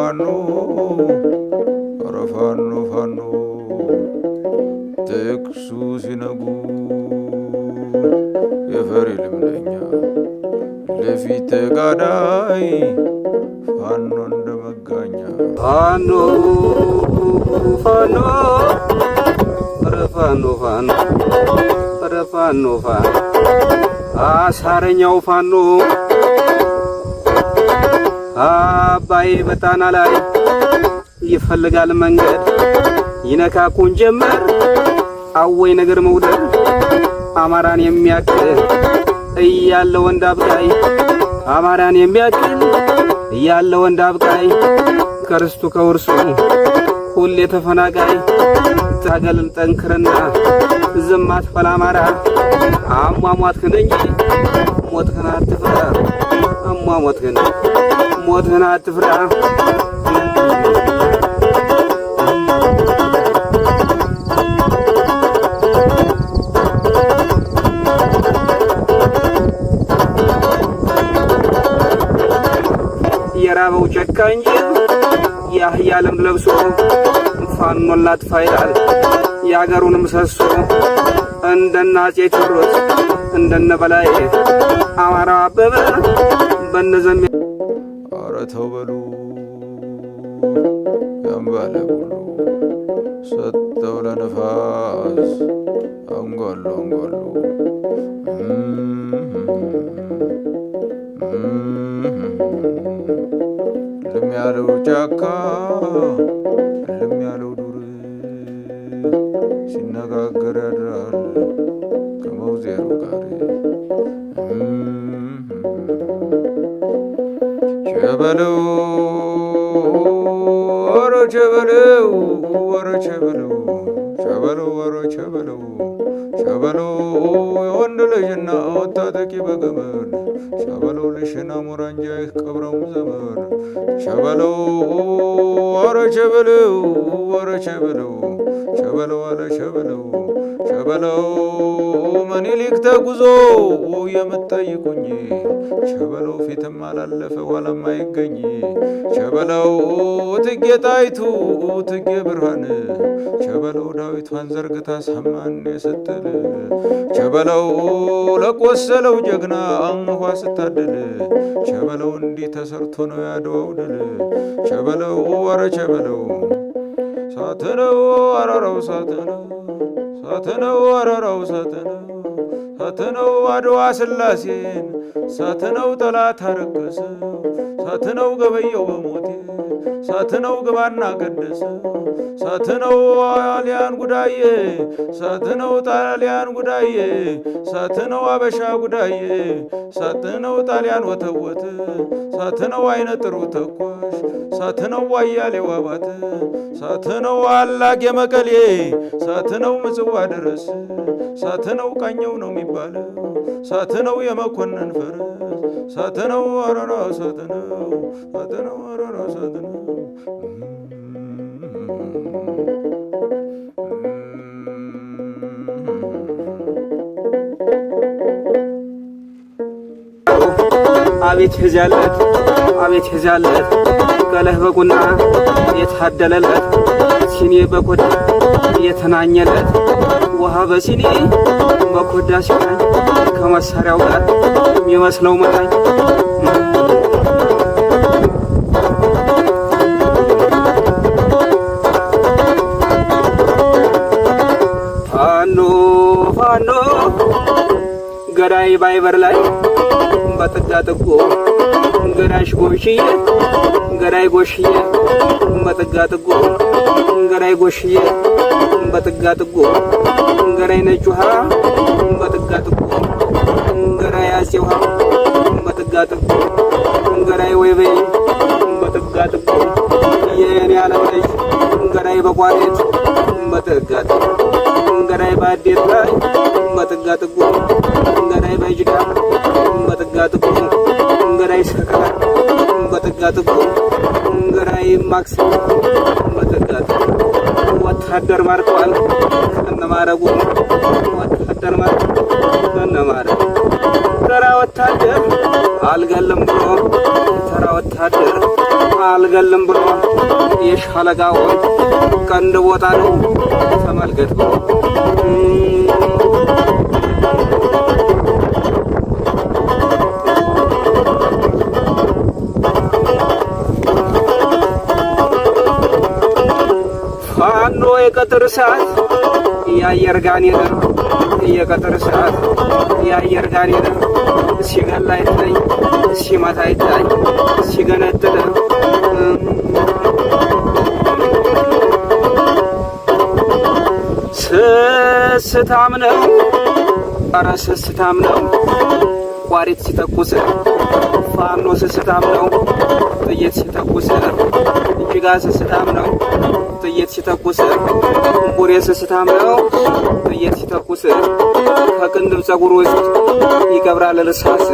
ፋኖ ኧረ ፋኖ ፋኖ ተኩሱ ሲነጉ የፈሪ ልምደኛ ለፊት ተጋዳይ ፋኖ እንደ መጋኛ ፋኖ ፋኖ ኧረ ፋኖ ፋኖ ኧረ ፋኖ ፋኖ አሳረኛው ፋኖ አባዬ በጣና ላይ ይፈልጋል መንገድ ይነካኩን ጀመር አወይ ነገር መውደድ አማራን የሚያክል እያለ ወንድ አብቃይ አማራን የሚያክል እያለ ወንድ አብቃይ ከርስቱ ከውርሱ ሁሌ ተፈናቃይ ታገልን ጠንክርና ዝም አትፈል አማራ አሟሟትክን እንጂ ሞትክን አትፍራ እማ ሞትህን ሞትህን አትፍራ የራበው ጨካ እንጂ የአህያ ልምድ ለብሶ ፋኖን ላጥፋ ይላል የአገሩን ምሰሶ እንደነ አፄ ቴዎድሮስ እንደነ በላይ አማራው አበበ በነዘም ኧረ ተው በሉ ያምባለ ሁሉ ሰጠው ለነፋስ አንጓሉ አንጓሉ ልም ያለው ጫካ ልም ያለው ዱር ሲነጋገር ያድራል ከመውዜሩ ጋር ገበሉ ቸበለው ወረ ቸበለው ቸበለው ወረ ቸበለው ቸበለው የወንድ ልጅና ወታጠቂ በገመድ ቸበለው ልሽና ሙራንጃይህ ቀብረውም ዘመድ ቸበለው ወረ ቸበለው ወረ ቸበለው ቸበለው አለ ቸበለው ቸበለው መኒሊክ ተጉዞ የምትጠይቁኝ ቸበለው ፊትም አላለፈ ኋላም አይገኝ ቸበለው ትጌ ጣይቱ ዳዊቱ ትጌ ብርሃን ቸበለው ዳዊቷን ዘርግታ ሰማን የሰጠል ቸበለው ለቆሰለው ጀግና አንኳ ስታደል ቸበለው እንዲህ ተሰርቶ ነው ያድዋው ድል ቸበለው ወረ ቸበለው ሳትነው አረራው ሳትነው ሳትነው አረራው ሳትነው ሳትነው አድዋ ስላሴን ሳትነው ጠላት አረከሰው ሳትነው ገበየው በሞቴ ሰትነው ግባና ቅድስ ሰትነው ጣሊያን ጉዳዬ ሰትነው ጣሊያን ጉዳዬ ሰትነው አበሻ ጉዳዬ ሰትነው ጣሊያን ወተወት ሰትነው አይነ ጥሩ ተኳሽ ሳትነው አያሌው አባት ሳትነው አላቅ የመቀሌ ሳትነው ምጽዋ ድረስ ሳትነው ቀኘው ነው የሚባለው ሳትነው የመኮንን ፈረስ ሰትነው አረራ ሰትነው ሰትነው አረራ ሳትነው አቤት ህዝያለት አቤት ህዝያለት ቀለህ በቁና የታደለለት ሲኔ በኮዳ የተናኘለት ውሃ በሲኔ በኮዳ ሲናኝ ከመሳሪያው ጋር የሚመስለው መታኝ ገዳይ ባይበር ላይ በጥጋ ጥጎ ገዳሽ ጎሽዬ ገዳይ ጎሽዬ በጥጋ ጥጎ ገዳይ ጎሽዬ በጥጋ ጥጎ ገዳይ ነጭ ውሃ በጥጋ ጥጎ ገዳይ አፄ ውሃ በጥጋ ጥቁ ገዳይ ወይበይ በጥጋ ጥቁ የኔ ዓለም ልጅ ገዳይ በቋሬት በጥጋ ጥቁ ገዳይ በአዴት ላይ መጥጋጥጉ እንገዳይ በጅዳ መጥጋጥጉ እንገዳይ ሰከላ መጥጋጥጉ እንገዳይ ማክሰል መጥጋጥጉ ወታደር ማርከዋል ከነማረጉ ወታደር ማርክ ከነማረጉ ተራ ወታደር አልገልም ብሎ ተራ ወታደር አልገልም ብሎ የሻለቃውን ቀንድ ቦታ ነው ተመልከት ብሎ የአየር ጋኔን የቀጥር ሰዓት የአየር ጋኔን ሲገላ አይጥለኝ፣ ሲመታ አይጥለኝ፣ ሲገነጥል ስስታም ነው። ኧረ ስስታም ነው። ቋሪት ሲተኩስ ፋኖ ስስታም ነው። ጥይት ሲተኩስ እጅጋ ስስታም ነው ጥይት ሲተኩስ እንቡሬ ስስታም ነው ጥይት ሲተኩስ ከቅንድብ ፀጉር ውስጥ ይገብራል እርሳስ